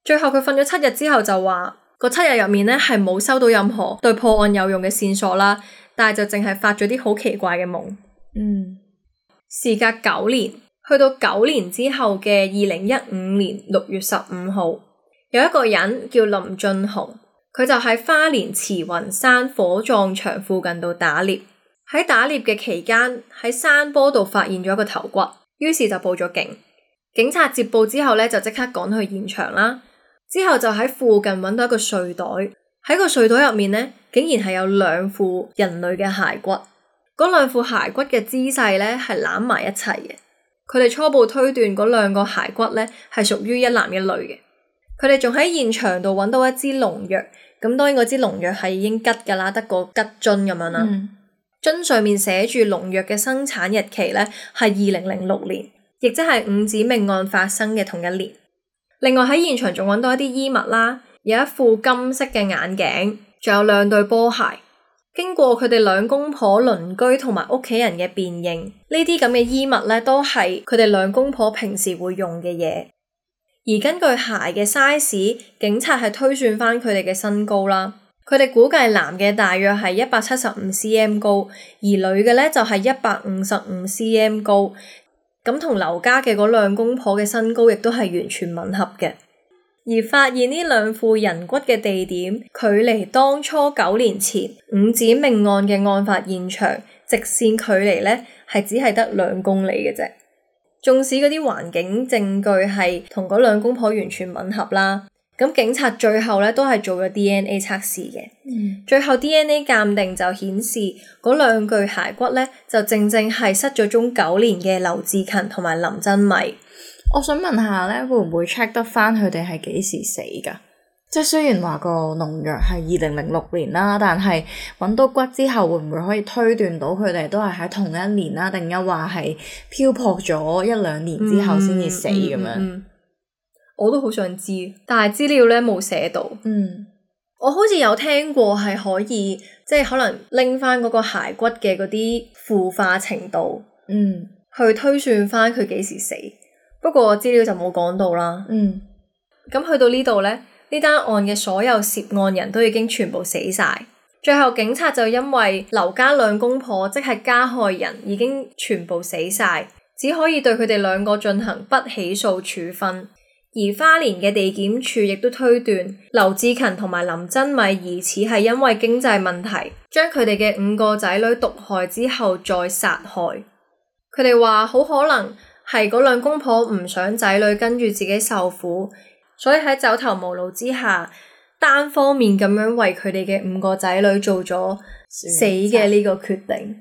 [SPEAKER 2] 最後佢瞓咗七日之後就話個七日入面呢係冇收到任何對破案有用嘅線索啦，但係就淨係發咗啲好奇怪嘅夢。
[SPEAKER 3] 嗯，
[SPEAKER 2] 事隔九年，去到九年之後嘅二零一五年六月十五號，有一個人叫林俊雄，佢就喺花蓮慈雲山火葬場附近度打獵。喺打獵嘅期間，喺山坡度發現咗一個頭骨，於是就報咗警。警察接報之後呢，就即刻趕去現場啦。之後就喺附近揾到一個睡袋，喺個睡袋入面呢，竟然係有兩副人類嘅骸骨。嗰兩副骸骨嘅姿勢呢，係攬埋一齊嘅。佢哋初步推斷嗰兩個骸骨呢，係屬於一男一女嘅。佢哋仲喺現場度揾到一支農藥。咁當然，嗰支農藥係已經吉噶啦，得個吉樽咁樣啦。樽、嗯、上面寫住農藥嘅生產日期呢，係二零零六年，亦即係五子命案發生嘅同一年。另外喺現場仲揾到一啲衣物啦，有一副金色嘅眼鏡，仲有兩對波鞋。經過佢哋兩公婆鄰居同埋屋企人嘅辨認，呢啲咁嘅衣物呢都係佢哋兩公婆平時會用嘅嘢。而根據鞋嘅 size，警察係推算翻佢哋嘅身高啦。佢哋估計男嘅大約係一百七十五 cm 高，而女嘅呢就係一百五十五 cm 高。咁同劉家嘅嗰兩公婆嘅身高亦都係完全吻合嘅，而發現呢兩副人骨嘅地點，距離當初九年前五子命案嘅案發現場直線距離呢，係只係得兩公里嘅啫，縱使嗰啲環境證據係同嗰兩公婆完全吻合啦。咁警察最後咧都係做咗 DNA 測試嘅，嗯、最後 DNA 鑑定就顯示嗰兩具骸骨咧就正正係失咗蹤九年嘅劉志勤同埋林真米。我想問下咧，會唔會
[SPEAKER 1] check 得翻佢哋係幾時死噶？即係雖然話個農藥係二零零六年啦，但係揾到骨之後會唔會可以推斷到佢哋都係喺同一年啦，定抑或係漂泊咗一兩年之後先至死咁樣？嗯嗯嗯嗯
[SPEAKER 2] 我都好想知，但係資料咧冇寫到。嗯，我好似有聽過係可以，即係可能拎翻嗰個骸骨嘅嗰啲腐化程度，嗯，去推算翻佢幾時死。不過資料就冇講到啦。嗯，嗯，咁去到呢度咧，呢單案嘅所有涉案人都已經全部死晒。最後警察就因為劉家兩公婆即係加害人已經全部死晒，只可以對佢哋兩個進行不起訴處分。而花蓮嘅地檢署亦都推斷，劉志勤同埋林真米疑似係因為經濟問題，將佢哋嘅五個仔女毒害之後再殺害。佢哋話好可能係嗰兩公婆唔想仔女跟住自己受苦，所以喺走投無路之下，單方面咁樣為佢哋嘅五個仔女做咗死嘅呢個決定。擇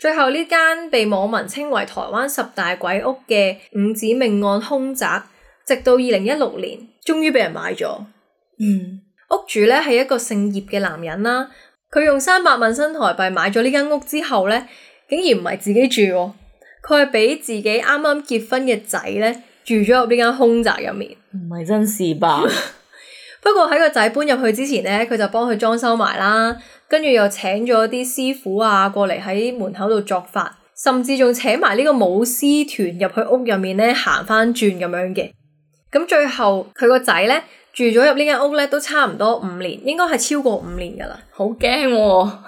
[SPEAKER 2] 最後呢間被網民稱為台灣十大鬼屋嘅五子命案凶宅。直到二零一六年，終於俾人買咗。嗯、屋主咧係一個姓葉嘅男人啦。佢用三百萬新台幣買咗呢間屋之後咧，竟然唔係自己住喎，佢係俾自己啱啱結婚嘅仔咧住咗入呢間空宅入面。
[SPEAKER 1] 唔係真事吧？
[SPEAKER 2] *laughs* 不過喺個仔搬入去之前咧，佢就幫佢裝修埋啦，跟住又請咗啲師傅啊過嚟喺門口度作法，甚至仲請埋呢個舞獅團入去屋入面咧行翻轉咁樣嘅。咁最後佢個仔咧住咗入呢間屋咧，都差唔多五年，應該係超過五年噶啦。好驚哦！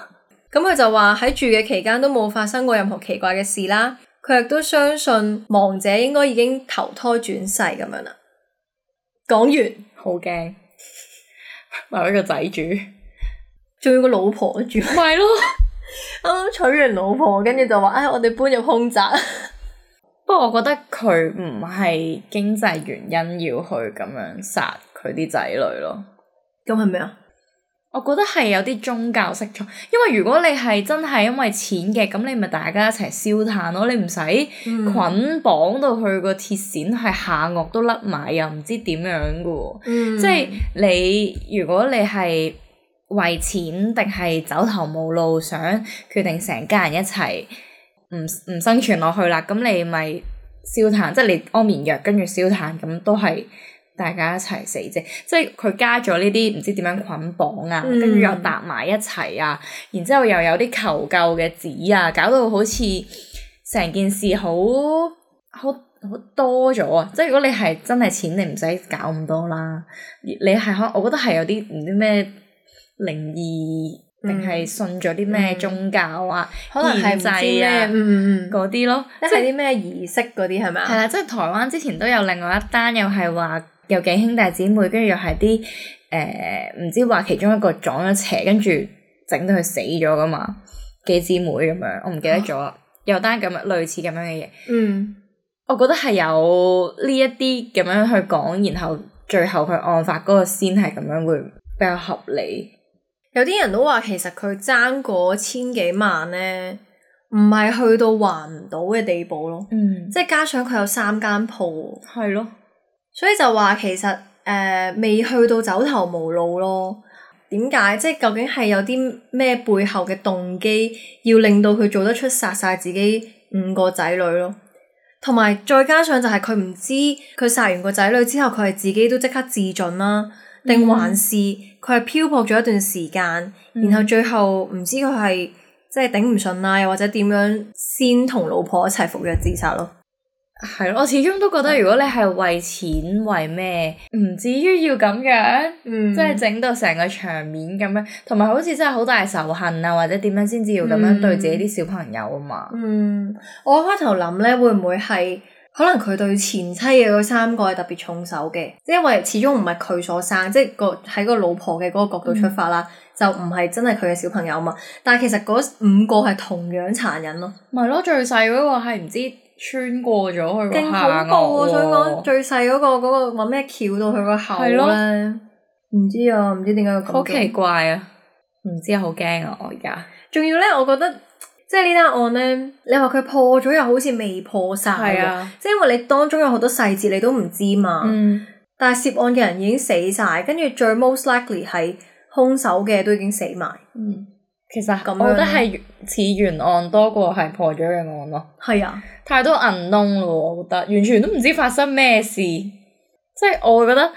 [SPEAKER 2] 咁佢就話喺住嘅期間都冇發生過任何奇怪嘅事啦。佢亦都相信亡者應該已經投胎轉世咁樣啦。
[SPEAKER 1] 講完好驚，話俾害 *laughs* 個仔住，仲要個老婆住，唔係咯？啊娶完老婆，跟住，就話，哎我
[SPEAKER 2] 哋搬入空宅。 *laughs*
[SPEAKER 1] 不過我覺得佢唔係經濟原因要去咁樣殺佢啲仔女咯。咁係咩啊？我覺得係有啲宗教色彩。因為如果你係真係因為錢嘅，咁你咪大家一齊燒炭咯。你唔使捆綁到佢個鐵線係下顎都甩埋又唔知點樣噶喎。嗯，即係你如果你係為錢定係走投無路，想決定成家人一齊。唔唔生存落去啦，咁你咪燒炭，即係你安眠藥跟住燒炭，咁都係大家一齊死啫。即係佢加咗呢啲唔知點樣捆綁啊，跟住、嗯、又搭埋一齊啊，然之後又有啲求救嘅紙啊，搞到好似成件事好好好多咗啊！即係如果你係真係錢，你唔使搞咁多啦。你你係可，我覺得係有啲唔知咩靈異。定係信咗啲咩宗教啊？可能係唔知咩嗰啲咯，即係啲咩儀式嗰啲係咪啊？係啦，即係台灣之前都有另外一單，又係話有幾兄弟姊妹，跟住又係啲誒唔知話其中一個撞咗邪，跟住整到佢死咗噶嘛？幾姊妹咁樣，我唔記得咗啦。啊、有單咁嘅類似咁樣嘅嘢。嗯，我覺得係有呢一啲咁樣去講，然後最後佢案發嗰個先係咁樣會比較合理。
[SPEAKER 2] 有啲人都話其實佢爭過千幾萬咧，唔係去到還唔到嘅地步咯。嗯，即係加上佢有三間鋪，係咯，所以就話其實誒、呃、未去到走投無路咯。點解？即係究竟係有啲咩背後嘅動機要令到佢做得出殺晒自己五個仔女咯？同埋再加上就係佢唔知佢殺完個仔女之後，佢係自己都即刻自盡啦，定還是、嗯？還是佢係漂泊咗一段時間，嗯、然後最後唔知佢係即係頂唔順啊，又或者點樣先
[SPEAKER 1] 同老婆一齊服藥自殺咯。係咯，我始終都覺得、嗯、如果你係為錢為咩，唔至於要咁樣，嗯、
[SPEAKER 3] 即係整
[SPEAKER 1] 到成個場面咁樣，同埋好似真係好大仇恨啊，或者點樣先至要咁樣對自己啲小朋友啊嘛？嗯，嗯、我開頭諗咧，會唔會係？可能佢對前妻嘅嗰三個係特別重
[SPEAKER 2] 手嘅，即係因為始終唔係佢所生，即係個喺個老婆嘅嗰個角度出發啦，嗯、就唔係真係佢嘅小朋友嘛。但係其實嗰五個係同樣殘忍咯。
[SPEAKER 1] 咪咯，最細嗰個係唔知穿過咗佢，勁恐怖喎。我想講最細嗰、嗰個嗰、
[SPEAKER 2] 嗰個話咩，翹到佢個喉咯，唔知啊，唔知點解好奇怪啊，唔
[SPEAKER 1] 知好驚啊，我而家。
[SPEAKER 2] 仲要咧，我覺得。即係呢單案咧，你話佢破咗又好似未破晒。是啊。即係因為你當中有好多細節你都唔知嘛。嗯、但係涉案嘅人已經死晒，跟住最 most likely 係兇手嘅都已
[SPEAKER 1] 經死埋。嗯、其實我覺得係似懸案多過係破咗嘅案咯。係啊，太多 unknown 咯，我覺得完全都唔知發生咩事。即係我會覺得誒、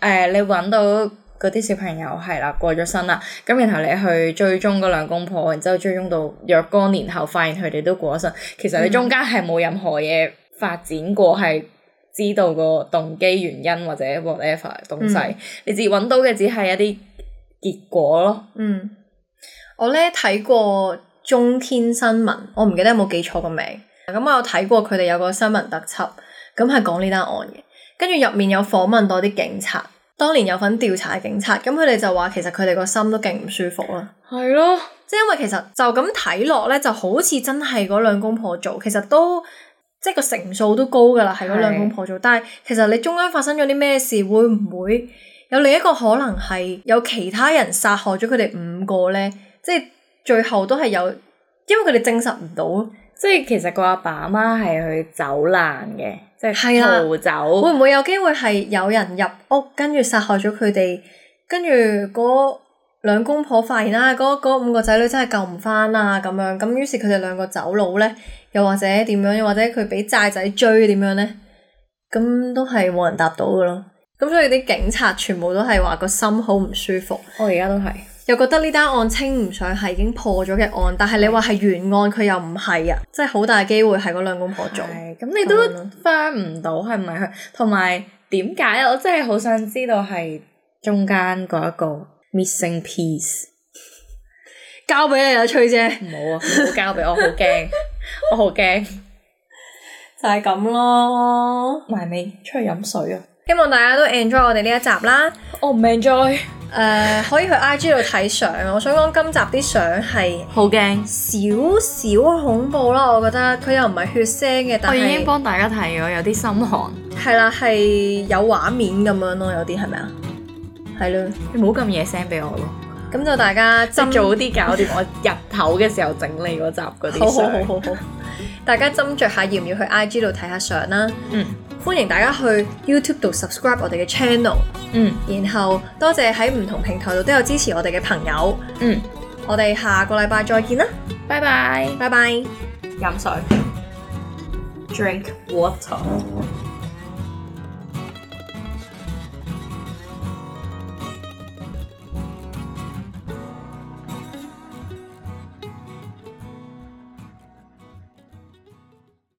[SPEAKER 1] 呃，你揾到。嗰啲小朋友係啦，過咗身啦，咁然後你去追蹤嗰兩公婆，然之後追蹤到若干年後，發現佢哋都過咗身。其實你中間係冇任何嘢發展過，係、嗯、知道個動機原因或者 whatever 東西，嗯、你自己揾到嘅只係一啲結果咯。
[SPEAKER 3] 嗯，
[SPEAKER 2] 我咧睇過中天新聞，我唔記得有冇記錯個名。咁我有睇過佢哋有個新聞特輯，咁係講呢單案嘅，跟住入面有訪問到啲警察。當年有份調查嘅警察，咁佢哋就話，其實佢哋個心都勁唔舒服啦。係咯的，即係因為其實就咁睇落咧，就好似真係嗰兩公婆做，其實都即係個成數都高噶啦，係嗰兩公婆做。的但係其實你中間發生咗啲咩事，會唔會有另一個可能係有其他人殺害咗佢哋五個咧？即係最後都係有，因為佢哋證實唔到。即
[SPEAKER 1] 係其實個阿爸阿媽係去走難嘅，即係逃走，啊。會唔
[SPEAKER 2] 會有機會係有人入屋跟住殺害咗佢哋？跟住嗰兩公婆發現啦，嗰嗰五個仔女真係救唔翻啊！咁樣咁，於是佢哋兩個走佬咧，又或者點樣？又或者佢俾債仔追點樣咧？咁都係冇人答到嘅咯。咁所以啲警察全部都係話個心好唔舒服。我而家都係。又覺得呢單案稱唔上係已經破咗嘅案，但係你話係原案佢又唔係啊，即係好大機會係嗰兩公婆做。
[SPEAKER 1] 咁你都 firm 唔到係咪？同埋點解？我真係好想知道係中間嗰一個 missing piece。交俾你啊，崔姐。唔好啊，唔好交俾我，好驚， *laughs* 我好驚。就係咁咯。埋尾出去飲水啊！
[SPEAKER 3] 希
[SPEAKER 2] 望大家都 enjoy 我哋呢一集啦，我唔 enjoy。誒、呃，可以去 IG 度睇相。我想講今集啲相係好驚，少少恐怖啦。我覺得佢又唔係血腥嘅，但我已經幫大家睇咗，有啲心寒。係啦，係有畫面咁樣咯，有啲係咪啊？係咯，了你唔好咁夜聲俾我咯。咁就大家執早啲搞掂。我日頭嘅時候整理嗰集嗰啲。 *laughs* 好好好好。大家斟酌下要唔要去 IG 度睇下相啦，
[SPEAKER 3] 嗯，
[SPEAKER 2] 歡迎大家去 YouTube 度 subscribe 我哋嘅 channel，嗯，然後多謝喺唔同平台度都有支持我哋嘅朋友，嗯，我哋下個禮拜再見啦，拜拜 bye，拜拜 bye，飲水
[SPEAKER 1] ，Drink water。